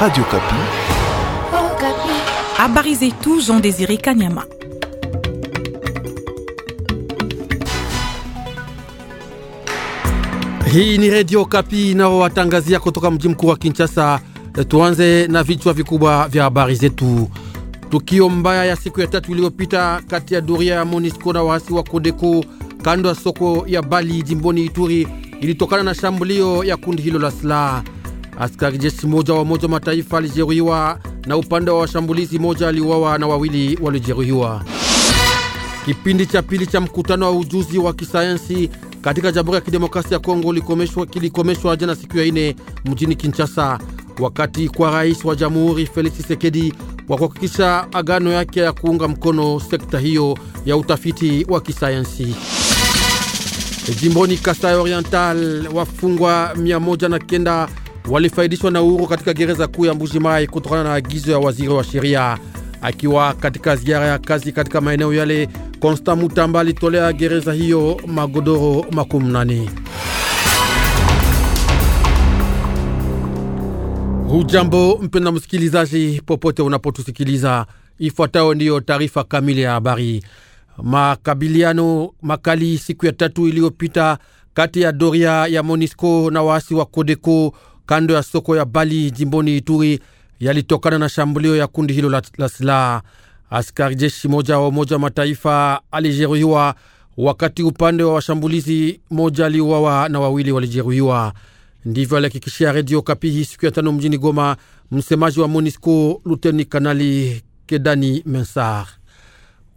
Radio Kapi. Oh, zetu Jean Désiré Kanyama. Hii ni Radio Kapi nao watangazia kutoka mji mkuu wa Kinshasa. E, tuanze na vichwa vikubwa vya habari zetu. Tukio mbaya ya siku ya tatu iliyopita kati ya doria ya Monisco na waasi wa Kodeko kando ya soko ya Bali jimboni Ituri ilitokana na shambulio ya kundi hilo la silaha. Askari jeshi moja wa Umoja wa Mataifa alijeruhiwa na upande wa washambulizi moja aliuawa na wawili walijeruhiwa. Kipindi cha pili cha mkutano wa ujuzi wa kisayansi katika Jamhuri ya Kidemokrasia ya Kongo kilikomeshwa jana siku ya ine mjini Kinshasa, wakati kwa rais wa jamhuri Felix Tshisekedi wa kuhakikisha agano yake ya kuunga mkono sekta hiyo ya utafiti wa kisayansi. Jimboni Kasai Oriental, wafungwa mia moja na kenda walifaidishwa na uhuru katika gereza kuu ya Mbujimai kutokana na agizo ya waziri wa sheria. Akiwa katika ziara ya kazi katika maeneo yale, Konstan Mutamba alitolea gereza hiyo magodoro makumi nane. Hujambo mpenda msikilizaji, popote unapotusikiliza, ifuatayo ndiyo taarifa kamili ya habari. Makabiliano makali siku ya tatu iliyopita kati ya doria ya Monisco na waasi wa Kodeko kando ya soko ya Bali jimboni Ituri yalitokana na shambulio ya kundi hilo la, la silaha. Askari jeshi moja wa Umoja wa Mataifa alijeruhiwa wakati upande wa washambulizi moja aliuawa na wawili walijeruhiwa. Ndivyo alihakikishia Redio Kapihi siku ya tano mjini Goma msemaji wa MONISCO luteni kanali Kedani Mensar.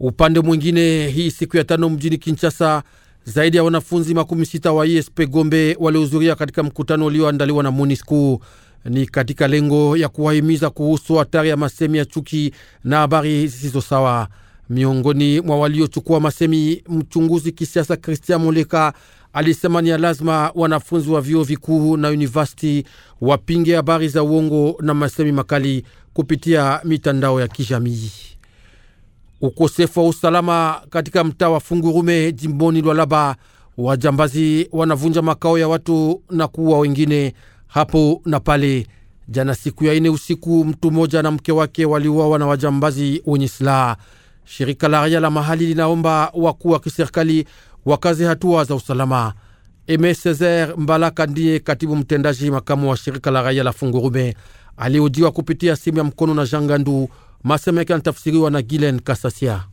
Upande mwingine, hii siku ya tano mjini Kinshasa zaidi ya wanafunzi makumi sita wa ISP Gombe walihudhuria katika mkutano ulioandaliwa na monisco ni katika lengo ya kuwahimiza kuhusu hatari ya masemi ya chuki na habari zisizo sawa. Miongoni mwa waliochukua masemi, mchunguzi kisiasa Christian Moleka alisema ni ya lazima wanafunzi wa vyuo vikuu na univesiti wapinge habari za uongo na masemi makali kupitia mitandao ya kijamii ukosefu wa usalama katika mtaa wa Fungurume jimboni Lwalaba. Wajambazi wanavunja makao ya watu na kuua wengine hapo na pale. Jana siku ya ine usiku, mtu mmoja na mke wake waliuawa na wajambazi wenye silaha. Shirika la raia la mahali linaomba wakuu wa kiserikali wakaze hatua za usalama. Eme Cesar Mbalaka ndiye katibu mtendaji makamu wa shirika la raia la Fungurume, aliojiwa kupitia simu ya mkono na Jangandu maseme yake yanatafsiriwa na Gilen Kasasia.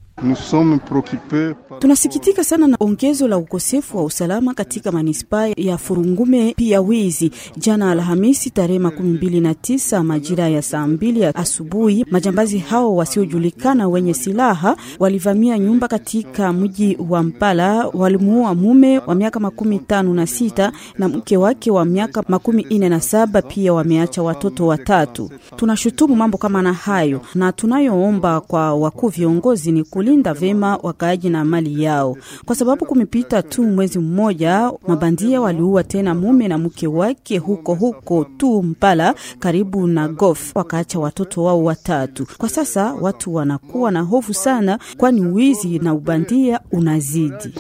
Tunasikitika sana na ongezo la ukosefu wa usalama katika manispaa ya Furungume, pia wizi. Jana Alhamisi tarehe makumi mbili na tisa majira ya saa mbili asubuhi, majambazi hao wasiojulikana wenye silaha walivamia nyumba katika mji wa Mpala. Walimuua mume wa miaka makumi tano na sita na mke wake wa miaka makumi nne na saba pia wameacha watoto watatu. Tunashutumu mambo kama na hayo na tunayoomba kwa wakuu viongozi ni kuli kulinda vema wakaaji na mali yao, kwa sababu kumepita tu mwezi mmoja mabandia waliua tena mume na mke wake huko huko tu Mpala karibu na Gof, wakaacha watoto wao watatu. Kwa sasa watu wanakuwa na hofu sana, kwani wizi na ubandia unazidi.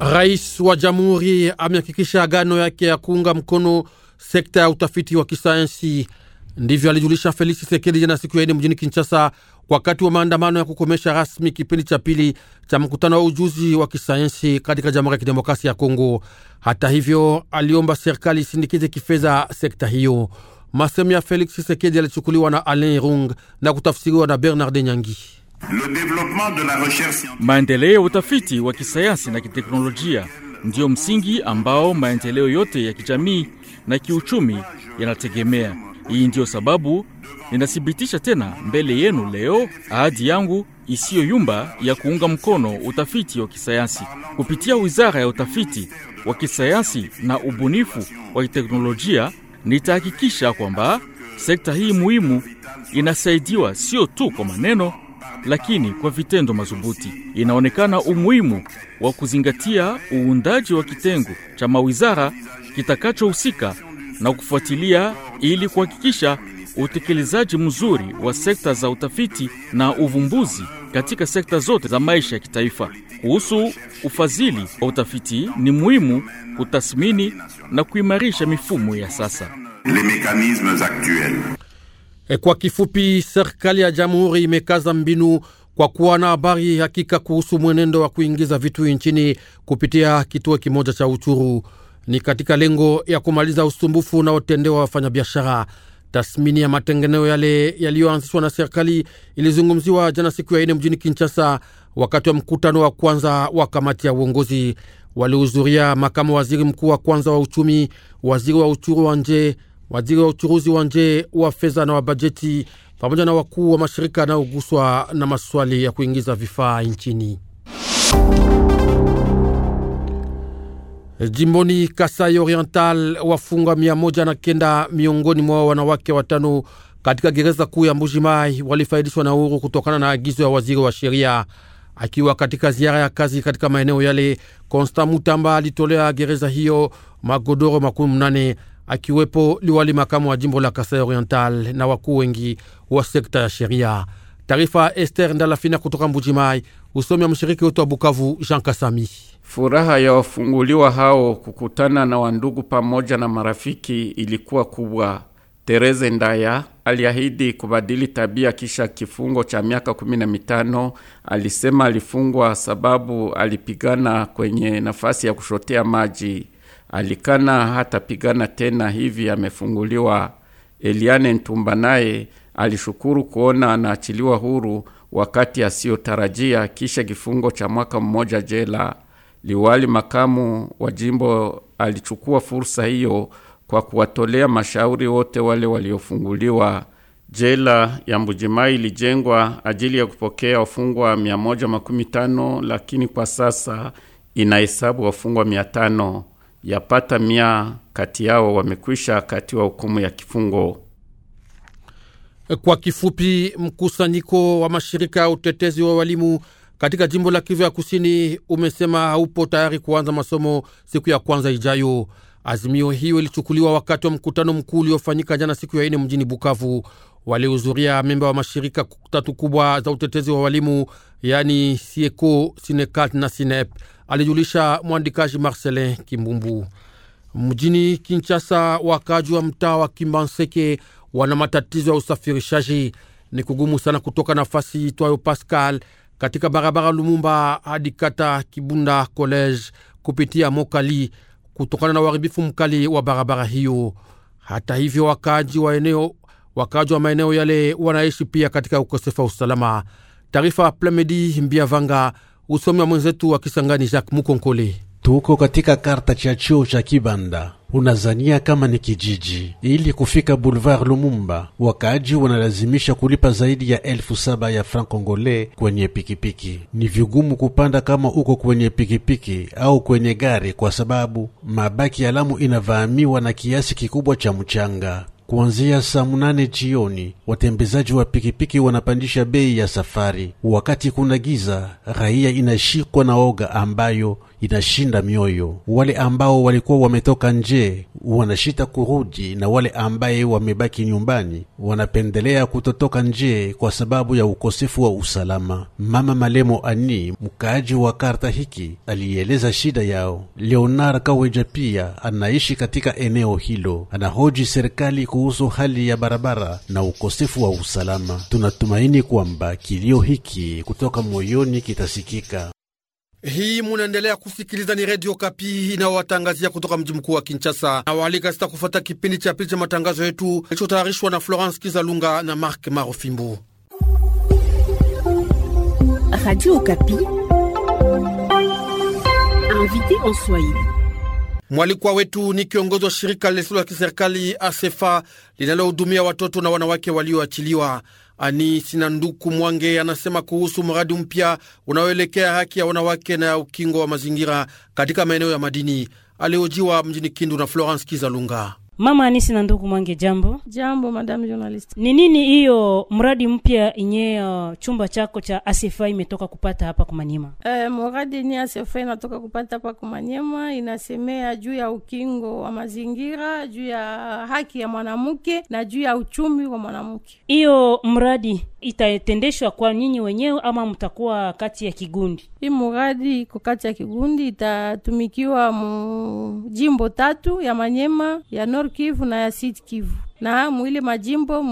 Rais wa jamhuri amehakikisha agano yake ya kuunga mkono sekta ya utafiti wa kisayansi. Ndivyo alijulisha Felix Chisekedi jana siku ya ine mjini Kinshasa, wakati wa maandamano ya kukomesha rasmi kipindi cha pili cha mkutano wa ujuzi wa kisayansi katika Jamhuri ya Kidemokrasia ya Kongo. Hata hivyo, aliomba serikali isindikize kifedha sekta hiyo. Masemu ya Felix Chisekedi yalichukuliwa na Alain Rung na kutafsiriwa na Bernard Nyangi. Maendeleo ya utafiti wa kisayansi na kiteknolojia ndiyo msingi ambao maendeleo yote ya kijamii na kiuchumi yanategemea. Hii ndiyo sababu ninathibitisha tena mbele yenu leo ahadi yangu isiyo yumba ya kuunga mkono utafiti wa kisayansi kupitia wizara ya utafiti wa kisayansi na ubunifu wa kiteknolojia. Nitahakikisha kwamba sekta hii muhimu inasaidiwa sio tu kwa maneno, lakini kwa vitendo madhubuti. Inaonekana umuhimu wa kuzingatia uundaji wa kitengo cha mawizara kitakachohusika na kufuatilia ili kuhakikisha utekelezaji mzuri wa sekta za utafiti na uvumbuzi katika sekta zote za maisha ya kitaifa. Kuhusu ufadhili wa utafiti, ni muhimu kutathmini na kuimarisha mifumo ya sasa. Eh, kwa kifupi, serikali ya jamhuri imekaza mbinu kwa kuwa na habari hakika kuhusu mwenendo wa kuingiza vitu nchini kupitia kituo kimoja cha uchuru ni katika lengo ya kumaliza usumbufu unaotendewa wafanyabiashara. Tathmini ya matengeneo yale yaliyoanzishwa na serikali ilizungumziwa jana siku ya ine mjini Kinshasa wakati wa mkutano wa kwanza wa kamati ya uongozi. Walihudhuria makamu waziri mkuu wa kwanza wa uchumi, waziri wa uchuru wa nje, waziri wa uchuruzi wa nje, wa fedha na wa bajeti, pamoja na wakuu wa mashirika yanayoguswa na maswali ya kuingiza vifaa nchini. Jimboni Kasai Oriental, wafungwa mia moja na kenda miongoni mwa wanawake watano katika gereza kuu ya Mbujimai walifaidishwa na uhuru kutokana na agizo ya waziri wa sheria. Akiwa katika ziara ya kazi katika maeneo yale, Constant Mutamba alitolea gereza hiyo magodoro makumi mnane akiwepo liwali makamu wa jimbo la Kasai Oriental na wakuu wengi wa sekta ya sheria. Taarifa Esther Ndalafina kutoka Mbujimai, usomi wa mshiriki wetu wa Bukavu Jean Kasami. Furaha ya wafunguliwa hao kukutana na wandugu pamoja na marafiki ilikuwa kubwa. Tereze Ndaya aliahidi kubadili tabia kisha kifungo cha miaka kumi na mitano. Alisema alifungwa sababu alipigana kwenye nafasi ya kushotea maji. Alikana hatapigana tena, hivi amefunguliwa. Eliane Ntumba naye alishukuru kuona anaachiliwa huru wakati asiyotarajia kisha kifungo cha mwaka mmoja jela. Liwali makamu wa jimbo alichukua fursa hiyo kwa kuwatolea mashauri wote wale waliofunguliwa. Jela ya Mbujimai ilijengwa ajili ya kupokea wafungwa 115 lakini kwa sasa inahesabu wafungwa 500. Yapata mia kati yao wamekwisha kati wa hukumu ya kifungo. Kwa kifupi, mkusanyiko wa mashirika ya utetezi wa walimu katika jimbo la Kivu ya Kusini umesema haupo tayari kuanza masomo siku ya kwanza ijayo. Azimio hiyo ilichukuliwa wakati wa mkutano mkuu uliofanyika jana siku ya ine mjini Bukavu. Walihudhuria memba wa mashirika tatu kubwa za utetezi wa walimu, yani Sieko, Sinekat na Sinep, alijulisha mwandikaji Marcelin Kimbumbu. Mjini Kinshasa, wakaji wa mtaa wa Kimbanseke wana matatizo ya usafirishaji, ni kugumu sana kutoka nafasi itwayo Pascal katika barabara Lumumba hadi kata Kibunda College kupitia Mokali kutokana na uharibifu mkali wa barabara hiyo. Hata hivyo, wakaaji wa eneo wakaaji wa maeneo yale wanaishi pia katika ukosefu wa usalama. Taarifa Plamedi Mbia Vanga, usomi wa mwenzetu wa Kisangani Jacques Mukonkole. Tuko katika karta cha chuo cha Kibanda unazania kama ni kijiji. Ili kufika Boulevard Lumumba, wakaaji wanalazimisha kulipa zaidi ya elfu saba ya franc congolais kwenye pikipiki. Ni vigumu kupanda kama uko kwenye pikipiki au kwenye gari, kwa sababu mabaki ya Lamu inavaamiwa na kiasi kikubwa cha mchanga. Kuanzia saa munane jioni watembezaji wa pikipiki wanapandisha bei ya safari. Wakati kuna giza, raia inashikwa na oga ambayo inashinda mioyo. Wale ambao walikuwa wametoka nje wanashita kurudi, na wale ambaye wamebaki nyumbani wanapendelea kutotoka nje kwa sababu ya ukosefu wa usalama. Mama Malemo Ani, mkaaji wa karta hiki, alieleza shida yao. Leonar Kaweja pia anaishi katika eneo hilo, anahoji serikali kuhusu hali ya barabara na ukosefu wa usalama. Tunatumaini kwamba kilio hiki kutoka moyoni kitasikika. Hii munaendelea kusikiliza, ni Redio Kapi inayowatangazia kutoka mji mkuu wa Kinshasa na waalika sita kufuata kipindi cha pili cha matangazo yetu kilichotayarishwa na Florence Kizalunga na Mark Marofimbu. Mwalikwa wetu ni kiongozi wa shirika lisilo la kiserikali ASEFA linalohudumia watoto na wanawake walioachiliwa. Anisi na Nduku Mwange anasema kuhusu mradi mpya unaoelekea haki ya wanawake na ya ukingo wa mazingira katika maeneo ya madini. Aliojiwa mjini Kindu na Florence Kizalunga. Mama Anisi na ndugu Mwange, jambo. Jambo madam journalist. Ni nini hiyo mradi mpya inye uh, chumba chako cha Asifa imetoka kupata hapa Kumanyema? Eh, mradi ni Asifa inatoka kupata hapa Kumanyema inasemea juu ya ukingo wa mazingira, juu ya haki ya mwanamke na juu ya uchumi wa mwanamke. Hiyo mradi itatendeshwa kwa nyinyi wenyewe ama mtakuwa kati ya kigundi? Hii muradi iko kati ya kigundi, itatumikiwa mu jimbo tatu ya Manyema, ya Nord Kivu na ya Sud Kivu na mwili majimbo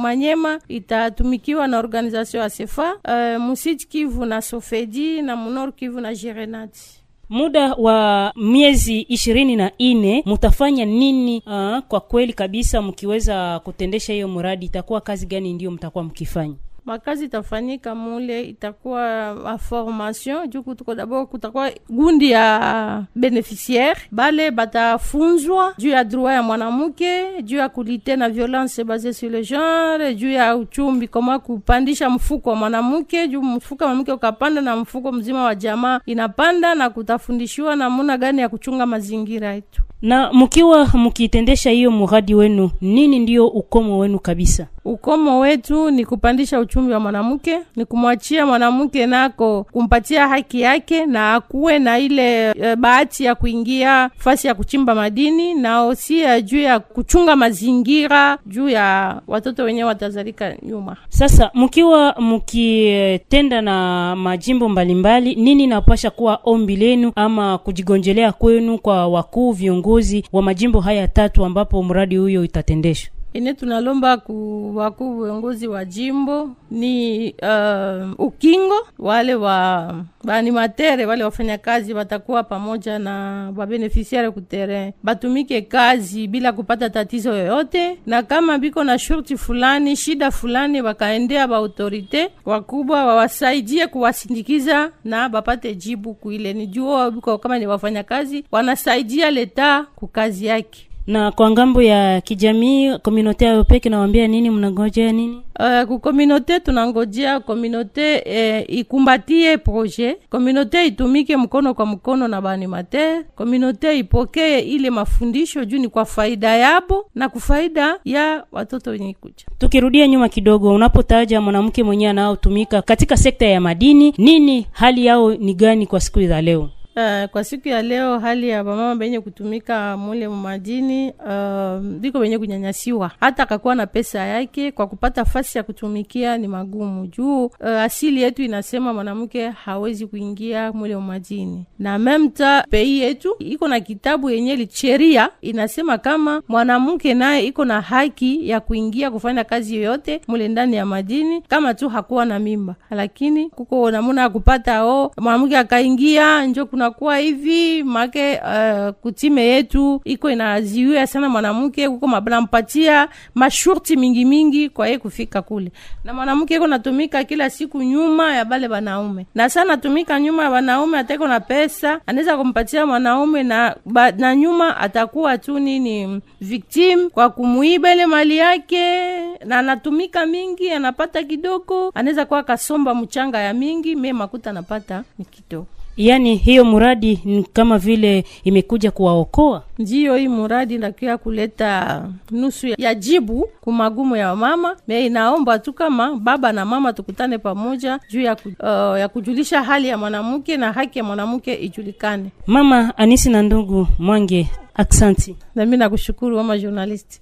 Manyema itatumikiwa na organization ya Sefa uh, musiti Kivu na Sofedi na munor Kivu na Jerenati muda wa miezi ishirini na nne mutafanya nini? Aa, uh, kwa kweli kabisa mkiweza kutendesha hiyo mradi itakuwa kazi gani ndiyo mtakuwa mkifanya? makazi itafanyika mule, itakuwa maformation juku tuko dabord, kutakuwa gundi ya beneficiaire bale batafunzwa juu ya droit ya mwanamke, juu ya kulite na violence base sur le genre, juu ya uchumbi, koma kupandisha mfuko wa mwanamke, juu mfuko wa mwanamke ukapanda na mfuko mzima wa jamaa inapanda, na kutafundishiwa namuna gani ya kuchunga mazingira yetu na mkiwa mukitendesha hiyo muradi wenu, nini ndiyo ukomo wenu kabisa? Ukomo wetu ni kupandisha uchumbi uchumi wa mwanamke ni kumwachia mwanamke nako kumpatia haki yake, na akuwe na ile e, bahati ya kuingia fasi ya kuchimba madini, na si juu ya kuchunga mazingira, juu ya watoto wenyewe watazalika nyuma. Sasa mkiwa mkitenda na majimbo mbalimbali, nini napasha kuwa ombi lenu ama kujigonjelea kwenu kwa wakuu viongozi wa majimbo haya tatu ambapo mradi huyo itatendeshwa? ine tunalomba ku waku viongozi wa jimbo ni uh, ukingo wale wa waanimatere wale wafanyakazi watakuwa pamoja na wabenefisiare kuterrain, batumike kazi bila kupata tatizo yoyote, na kama biko na shurti fulani shida fulani, wakaendea baautorite wakubwa wawasaidie kuwasindikiza na bapate jibu kuile. Ni juo biko kama ni wafanya kazi wanasaidia leta kukazi yake na kwa ngambo ya kijamii komunote ya Yopeki nawaambia nini, mnangojea nini? Uh, ku komunote tunangojea komunote eh, ikumbatie proje, komunote itumike mkono kwa mkono na baanimatere, komunote ipokee ile mafundisho juu ni kwa faida yabo na kufaida ya watoto wenye kuja. Tukirudia nyuma kidogo, unapotaja mwanamke mwenyewe anaotumika katika sekta ya madini, nini hali yao ni gani kwa siku za leo? Uh, kwa siku ya leo hali ya bamama benye kutumika mule mumadini uh, eh, benye kunyanyasiwa, hata akakuwa na pesa yake kwa kupata fasi ya kutumikia ni magumu juu uh, asili yetu inasema mwanamke hawezi kuingia mule mumadini, na memta pei yetu iko na kitabu yenye licheria inasema kama mwanamke naye iko na haki ya kuingia kufanya kazi yoyote mule ndani ya madini kama tu hakuwa na mimba, lakini kuko namuna ya kupata o oh, mwanamke akaingia njo kunakuwa hivi make uh, kutime yetu iko inaziwia sana mwanamke, kuko mabla mpatia mashurti mingi mingi kwa yeye kufika kule, na mwanamke iko natumika kila siku nyuma ya bale banaume, na sana natumika nyuma ya banaume. Ateko na pesa anaweza kumpatia mwanaume na, ba, na nyuma atakuwa tu nini victim kwa kumuiba ile mali yake, na anatumika mingi, anapata kidogo, anaweza kuwa kasomba mchanga ya mingi, me makuta anapata ni kidogo. Yaani hiyo muradi ni kama vile imekuja kuwaokoa. Ndiyo, hii muradi ndakia kuleta nusu ya jibu magumu ya mama me, inaomba tu kama baba na mama tukutane pamoja juu ya, ku, uh, ya kujulisha hali ya mwanamke na haki ya mwanamke ijulikane. Mama Anisi na ndugu Mwange, aksanti. Nami nakushukuru mama journalist.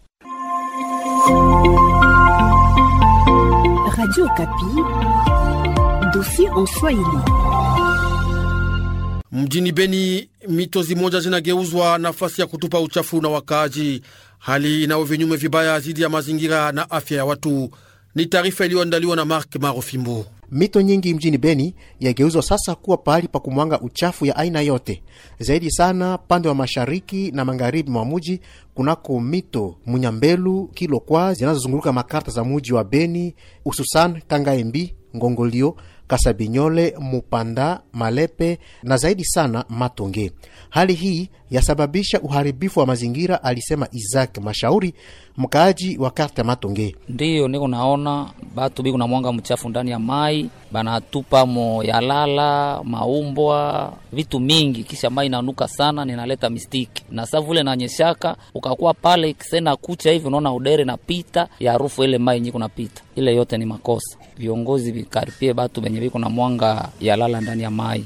Radio Kapi, dossier en Swahili. Mjini Beni mito zimoja zinageuzwa nafasi ya kutupa uchafu na wakaaji, hali inayo vinyume vibaya dhidi ya mazingira na afya ya watu. Ni taarifa iliyoandaliwa na Mark Marofimbo. Mito nyingi mjini Beni yageuzwa sasa kuwa pahali pa kumwanga uchafu ya aina yote, zaidi sana pande wa mashariki na magharibi mwa muji, kunako mito Munyambelu, Kilokwa zinazozunguluka makarta za muji wa Beni, hususan Kangaembi, Ngongolio, Kasabinyole, Mupanda, Malepe na zaidi sana Matonge. Hali hii yasababisha uharibifu wa mazingira, alisema Isaac Mashauri, mkaaji wa karta Matonge. Ndiyo niko naona batu biko na mwanga mchafu ndani ya mai, banatupa mo yalala maumbwa, vitu mingi, kisha mai nanuka sana, ninaleta mistiki na savule nanyeshaka nyeshaka ukakuwa pale kisena kucha hivi, unaona udere napita ya harufu ile mai nyiko napita ile yote ni makosa. Viongozi vikaripie batu venye viko na mwanga ya lala ndani ya mai,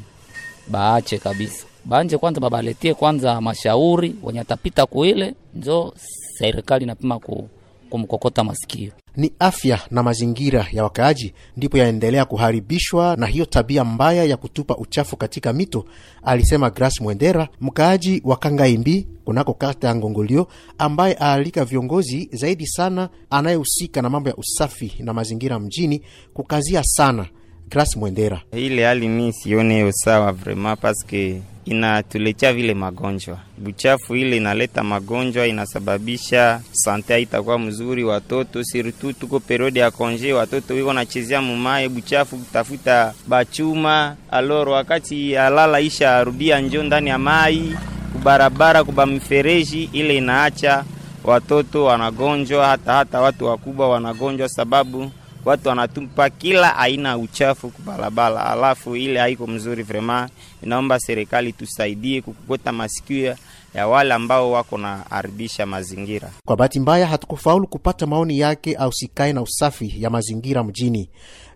baache kabisa, banje kwanza, babaletie kwanza mashauri wenye atapita kuile, njo serikali napima ku kumkokota masikio. Ni afya na mazingira ya wakaaji ndipo yaendelea kuharibishwa na hiyo tabia mbaya ya kutupa uchafu katika mito, alisema Grace Mwendera, mkaaji wa Kangaimbi kunako kata ya Ngongolio, ambaye aalika viongozi zaidi sana anayehusika na mambo ya usafi na mazingira mjini kukazia sana. Grace Mwendera: ile hali mi sione sawa vrema paske inatuletea vile magonjwa. Buchafu ile inaleta magonjwa, inasababisha sante itakuwa mzuri. Watoto sirtu, tuko periode ya konje, watoto wiko nachezea mumaye buchafu, kutafuta bachuma aloro, wakati alala isha arudia njo ndani ya mai kubarabara, kuba mfereji ile inaacha watoto wanagonjwa, hata hata watu wakubwa wanagonjwa sababu watu wanatupa kila aina ya uchafu kubalabala, alafu ile haiko mzuri vrema. Inaomba serikali tusaidie kukokota masikio ya wale ambao wako na haribisha mazingira. Kwa bahati mbaya, hatukufaulu kupata maoni yake au sikae na usafi ya mazingira mjini.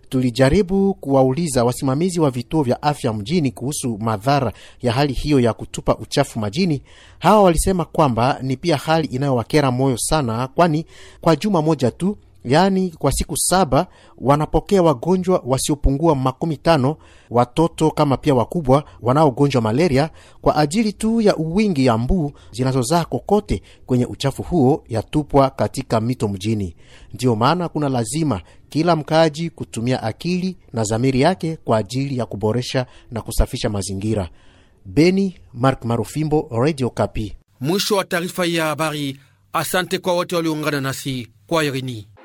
Tulijaribu kuwauliza wasimamizi wa vituo vya afya mjini kuhusu madhara ya hali hiyo ya kutupa uchafu majini. Hawa walisema kwamba ni pia hali inayowakera moyo sana, kwani kwa juma moja tu yaani kwa siku saba wanapokea wagonjwa wasiopungua makumi tano watoto kama pia wakubwa wanaogonjwa malaria kwa ajili tu ya uwingi ya mbu zinazozaa kokote kwenye uchafu huo yatupwa katika mito mjini. Ndiyo maana kuna lazima kila mkaaji kutumia akili na zamiri yake kwa ajili ya kuboresha na kusafisha mazingira. Beni, Mark Marufimbo, Radio Kapi. Mwisho wa taarifa ya habari. Asante kwa wote walioungana nasi kwa irini.